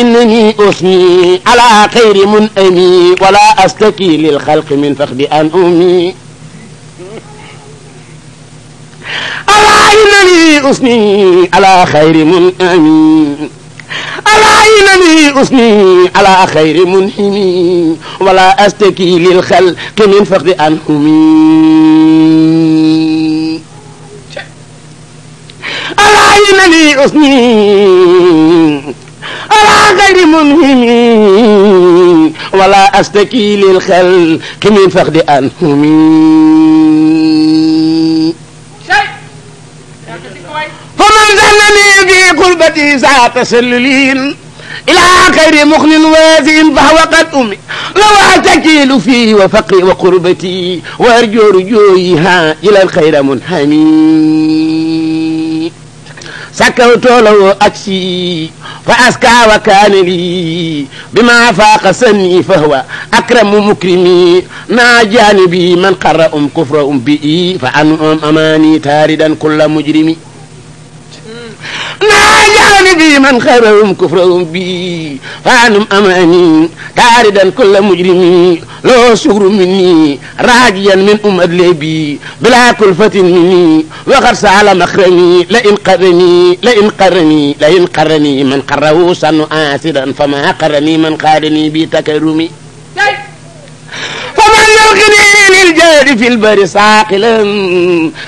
إنني أثني على خير منأمي ولا أستكي للخلق من فخد أن أمي ألا إنني أثني على خير منأمي ألا إنني أثني على خير منحمي ولا أستكي للخلق من أن أمي ألا إنني أثني غير منهم ولا أستكي للخلق من فقد أنهم فمن ذلني في قربتي ذات سللين إلى خير مخن وازن فهو قد أمي لو أتكيل فيه وفقري وقربتي وأرجو رجويها إلى الخير منحني سكوت له أكسي فأسكى وكان لي بما فاق سني فهو أكرم مكرمي ما جانبي من قرأ أم كفر أم بئي فأنعم أماني تاردا كل مجرمي ما جعل بي من خيرهم كفرهم بي فانم اماني تاردا كل مجرمي لو شكر مني راجيا من ام بي بلا كلفة مني وقد على مخرمي لئن قرني لئن قرني لئن قرني من قره سن آسدا فما قرني من قارني تكرمي فمن يلقني عن في البر ساقلا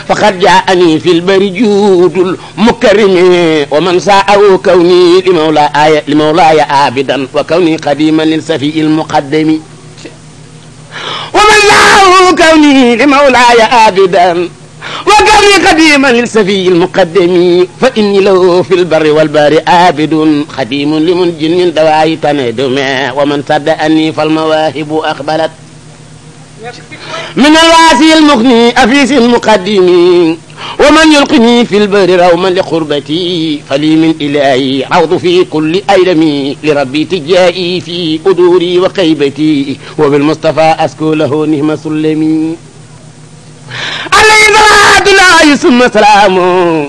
فقد جاءني في البر جود المكرم ومن ساءه كوني لمولاي لمولاي عابدا وكوني قديما للسفي المقدم ومن ساءه كوني لمولاي عابدا وكوني قديما للسفي المقدم فإني له في البر والبار عابد خديم لمنج من دواعي تندم ومن صدأني فالمواهب أقبلت من الواسي المغني أفيس المقدم ومن يلقني في البر روما لقربتي فلي من إلهي عوض في كل أيلمي لربي تجائي في أدوري وخيبتي وبالمصطفى أسكو له نهم سلمي علي صلاة الله ثم سلامه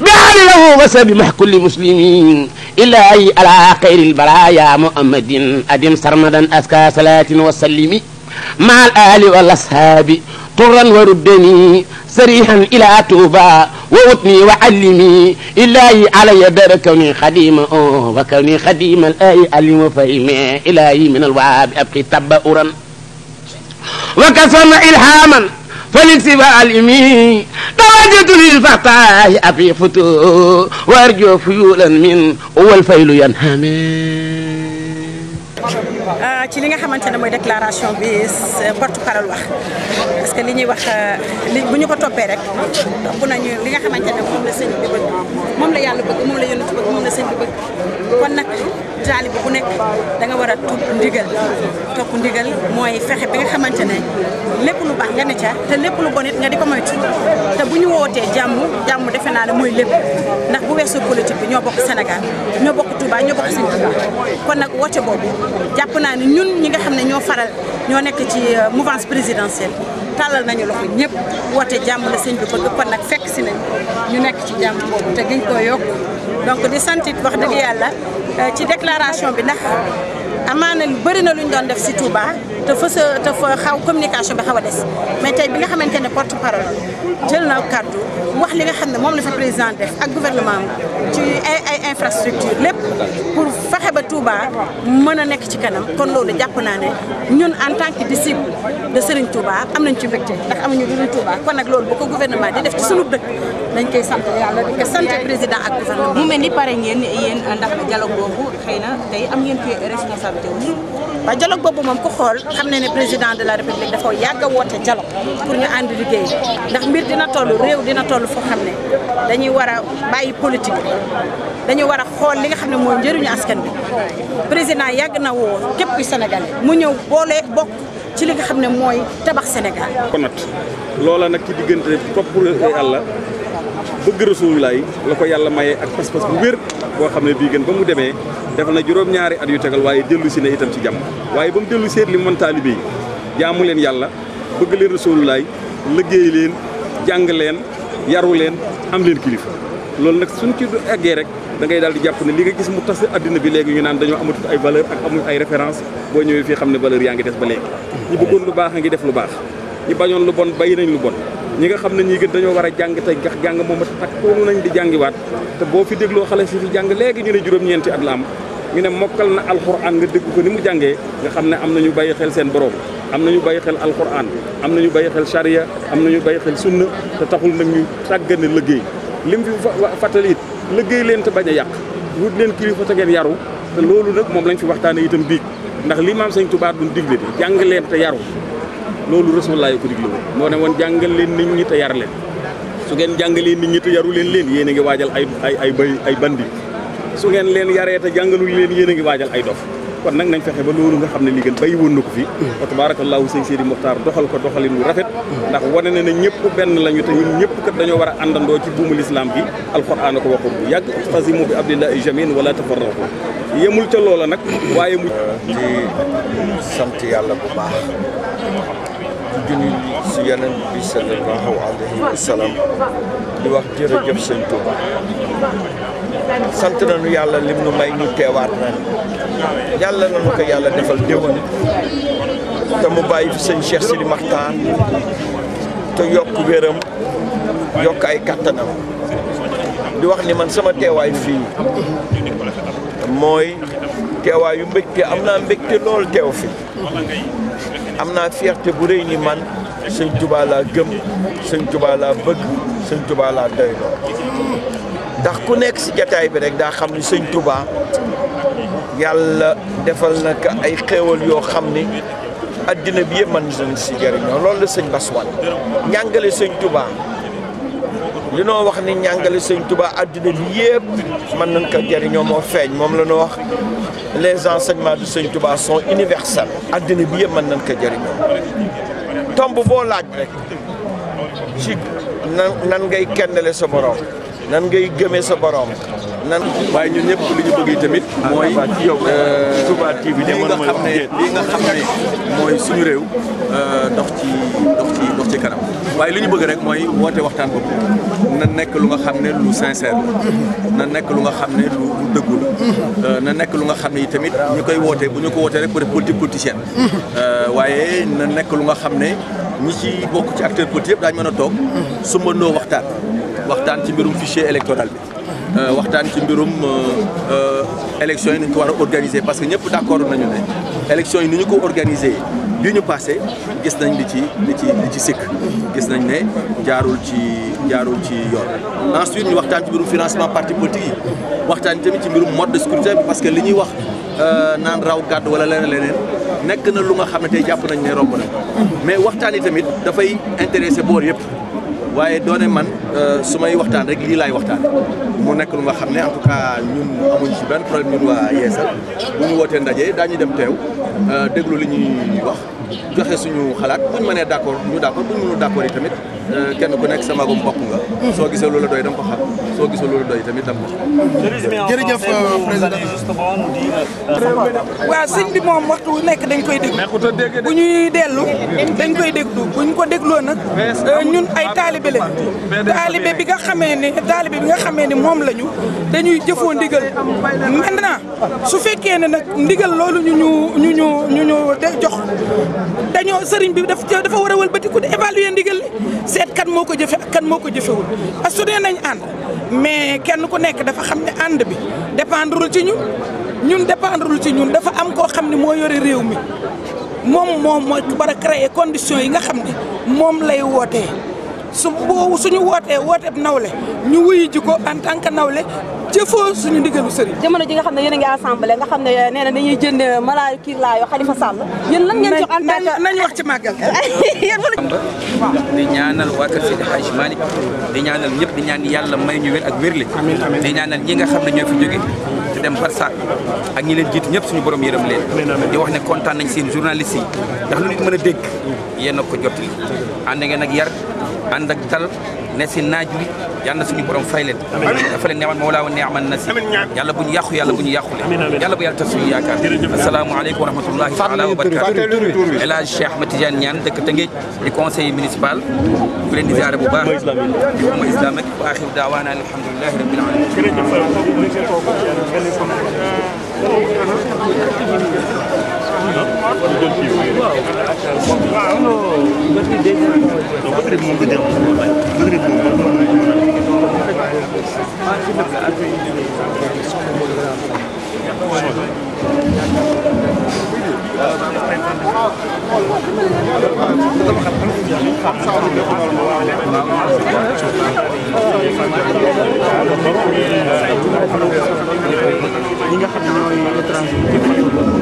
بعد له مح كل مسلمين إلهي على خير البرايا محمد أدم سرمدا أسكى صلاة وسلمي مع الآل والأصحاب طرا وردني سريحا إلى توبة ووطني وعلمي إلهي علي دار كوني خديما وكوني خديما الآي آه، علم فهمي إلهي من الوعاب أبقي تبأرا وكسم إلهاما فلنسي بألمي تواجد للفتاة أبي فتو وأرجو فيولا من أول فيل ينهمي Euh, ci li nga xamante ne mooy déclaration bi porte parole wax parce que li ñuy wax euh, li bu ñu ko toppee rek topp nañu li nga xamante ne moom la sëñ bi bëgg moom la yàlla bëgg moom la yonent bëgg moom la sëñ bi bëgg kon nag taalibe bu nekk da nga war a topp ndigal topp ndigal mooy fexe bi nga xamante ne lépp lu baax nga ne ca te lépp lu bon it nga di ko moytu te bu ñu wootee jàmm jàmm defe naa ne mooy lépp ndax bu weesoo politique bi ñoo bokk Sénégal ñoo Touba ñoo bokk suñu Touba kon nag woote boobu jàpp naa ni ñun ñi nga xam ne ñoo faral ñoo nekk ci euh, mouvance présidentielle tàllal nañu loxo ñëpp woote jàmm la sëñ bi bëgg kon nag fekk si ne ñu nekk ci jàmm boobu te giñ ko yokk donc di santit wax dëgg yàlla euh, ci déclaration bi ndax amaana bëri na lu ñu doon def si Touba te fa sa te fa xaw communication bi xaw a des mais tey bi nga xamante ne porte parole jël na kàddu wax li nga xam ne moom la fa président def ak gouvernement ci ay ay infrastructure lépp pour fexe ba Touba mën a nekk ci kanam kon loolu jàpp naa ne ñun en tant que disciple de Serigne Touba am nañ ci mbégte ndax amuñu lu dul Touba kon nag loolu bu ko gouvernement di def ci sunu dëkk dañ koy sant yàlla di ko sant président ak gouvernement. mu mel ni pare ngeen yéen ndax dialogue boobu xëy na tey am ngeen fi responsabilité wu. waaw dialogue boobu moom ku xool. xam ne ne président de la république dafa yàgg a woote dialogue pour ñu ànd liggéey ndax mbir dina toll réew dina toll foo xam ne dañuy war a bàyyi politique dañu war a xool li nga xam ne mooy njëriñu askan bi président yàgg na woo képp kuy sénégalais mu ñëw boole bokk ci li nga xam ne mooy tabax Sénégal. konat loola nag ci diggante topp yàlla. bëgg Rasulullah la ko yàlla maye ak pas-pas bu wér boo xam ne bii gën ba mu demee def na juróom-ñaari at yu tegal waaye dellu si ne itam ci jàmm waaye ba mu dellu seet li mën taalibe yi jaamu leen yàlla bëgg leen Rasulullah liggéey leen jàng leen yaru leen am leen kilifa loolu nag suñ ci eggee rek da ngay daal di jàpp ne li nga gis mu tas addina bi léegi ñu naan dañoo amatul ay valeur ak amuñ ay référence boo ñëwee fii xam ne valeur yaa ngi des ba léegi ñu bëggoon a ngi def lu baax ñu bañoon lu bon bàyyi nañ bon ñi nga xam ne ñii gën dañoo war jàng tey ngax jàng moom a takk woon nañ di jàngiwaat te boo fi dégloo xale si fi jàng léegi ñu ne juróom-ñeenti at la am ñu ne mokkal na alxuraan nga dégg ko ni mu jàngee nga xam ne am na ñu bàyyi xel seen borom am ñu bàyyi xel alxuraan am ñu bàyyi xel charia am na ñu bàyyi xel sunna te taxul nag ñu sàggane liggéey lim fi fàttali it liggéey leen te bañ a yàq wut leen kilifa te ngeen yaru te loolu nag moom lañ fi waxtaane itam biig ndax li maam sëñ Tuubaa doon digle di jàng leen te yaru loolu rasulullaa ko digle woon moo ne woon jàngal leen nit ñi te yar leen su ngeen jàngalee ni ñi te yaru leen leen yéen a ngi waajal ay ay ay bay ay bandi su ngeen leen yaree jàngalu jàngalul leen yéen a ngi waajal ay dof kon nag nañ fexe ba loolu nga xam ne li gën bàyyi woon na ko fi mm. wa tabaarakallaahu sëñ Seydi Moxtaar doxal ko doxalin wu rafet mm. ndax wane na ne ñëpp benn lañu te ñun ñëpp kat dañoo war a àndandoo ci buumu lislaam bi alxuraan ko waxoon bu yàgg tasimu bi abdillahi jamiin wala tafarraqu yemul ca loola nag waaye mu ci yàlla bu baax di junni si yeneen bi sallallahu alayhi wax jërëjëf sëñ Touba sant nañu yàlla lim nu may ñu teewaat nañ yàlla nañu ko yàlla defal déwén te mu bàyyi fi sëñ Cheikh Sidi Maxtaar te yokk wéram yokk ay kattanam di wax ni man sama teewaay fii mooy teewaay yu mbégte am naa te lool teew fi am naa fierté bu rëy ni man sëñ Tuubaa laa gëm sëñ Tuubaa laa bëgg sëñ Tuubaa laa doy ndax ku nekk si jataay bi rek daa xam ni sëñ Tuubaa yàlla defal na ko ay xéewal yoo xam ni addina bi yëpp mën nañ si jëriñoo lool la sëñ Bass Wane ñàngale sëñ Tuubaa li noo wax ni njàngale sëñ tubaab àddina bi yëpp mën nañ ko jariñoo moo feeñ moom la ñu wax les enseignements de sëñ Tuba sont universels àddina bi yëpp mën nañ ko jëriñoo tomb boo laaj rek ci nan nan ngay kennale sa borom nan ngay gëmee sa borom nan waaye ñun ñëpp li ñu bëgg yi tamit mooy euh, Touba TV lii nga xam ne lii nga xam ne mooy suñu réew euh, dox ci dox ci dox kanam waaye li ñu bëgg rek mooy woote waxtaan boobu na nekk lu nga xam ne lu sincère la na nekk lu nga xam ne lu dëggu euh, na nekk lu nga xam ne yi tamit ñu koy wootee bu ñu ko wootee rek pour politique politicienne waaye na nekk lu nga xam ne ñi ci bokk ci acteur politique yëpp daañ mën a toog sumbandoo waxtaan waxtaan ci mbirum fichier électoral bi euh, waxtaan ci mbirum euh, euh, élection yi nañ ko war a organiser parce que ñëpp d'accord nañu ne élection yi ni ñu ko organiser bi ñu passé gis nañ li ci li ci li ci sikk gis nañ ne jaarul ci jaarul ci yoon ensuite ñu waxtaan ci mbirum financement parti politique yi waxtaan tamit ci mbirum mode de scrutin bi parce que li ñuy wax naan raw gàdd wala leneen leneen nekk na lu nga xam ne tey jàpp nañ ne romb na mais waxtaan yi tamit dafay intéressé boor yëpp waaye doone man euh, su may waxtaan rek lii laay waxtaan mu nekk lu nga xam ne en tout ñun amuñ ci benn problème ñun waa Yeesal bu ñu wootee ndaje daañu dem teew euh, déglu li ñuy wax joxe suñu xalaat buñ mënee d'accord ñu d'accord buñ mënul d'accord yi tamit Euh, kenn ku nekk sa magum mbokk nga. soo gisee loolu doy da ko xam soo gisee loolu doy tamit da nga ko xam. jërëjëf euh, président waaw sëñ bi moom waxtu wu nekk dañ koy déglu. bu ñuy dellu dañ koy déglu bu ñu ko dégloo nag euh, ñun ay taalibe la taalibe bi nga xamee ne taalibe bi nga xamee ne moom la ñu dañuy jëfoo ndigal maintenant su fekkee ne nag ndigal loolu ñu ñu ñu ñu ñu jox dañoo sëriñ bi dafa war a wëlbatiku di évaluer ndigal li seet kan moo ko jëfe ak kan moo ko jëfewul parce que su dee ànd mais kenn ku nekk dafa xam ne ànd bi dépendrul ci ñun ñun dépendrul ci ñun dafa am koo xam ni moo yore réew mi moom moom moo war a créer yi nga xam ne moom lay wootee sumbo suñu woté woté nawlé ñu wuy ji ko en tant que nawlé jëfo suñu ndigalu sëri jëmono ji nga xamné ne nga assemblé nga xamné ne eh, dañuy jënd eh, malaay la yo khalifa sall yeen lan ngeen jox en tant que nañ wax ci magal di ñaanal waa ci Seydi malik di ñaanal ñepp di ñaan yalla may ñu wër ak wërlé di ñaanal ñi nga xamné ne ñoo fi jóge te dem barsa ak ñi leen jitt ñëpp suñu borom yërëm leen di wax ne kontaan nañ seen journaliste yi ndax lu nit mëna dégg yeen nako jotti ande ngeen ak yar ànd ak tal ne si naaj wi yal na suñu borom fay leen dafa leen neemal mawlaa wa neemal nasi yàlla bu ñu yàqu yàlla bu ñu yàqule yàlla bu yàlla tas suñu yaakaar asalaamaaleykum wa rahmatullahi taala wa barakatu El Hadj Cheikh Ahmed Tidiane Niane dëkk Tëngéej di conseiller municipal di leen di ziare bu baax di umma islamique wa axiru daawaana alhamdulilahi rabbil alamin ñi nga xam ne ñooy étranger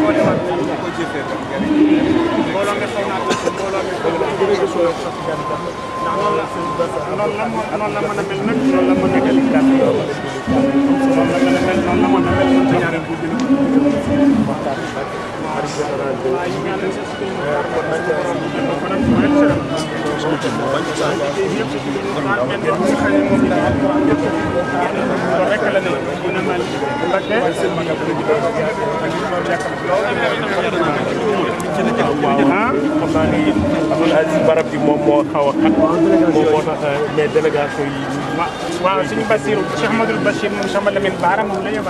kon nag barab bi moom moo xaw a xat moom moo tax mais délégation yi. waaw suñu Basiru Cheikh Amadou Bachir moom sama Lamine Baara moom la yóbbu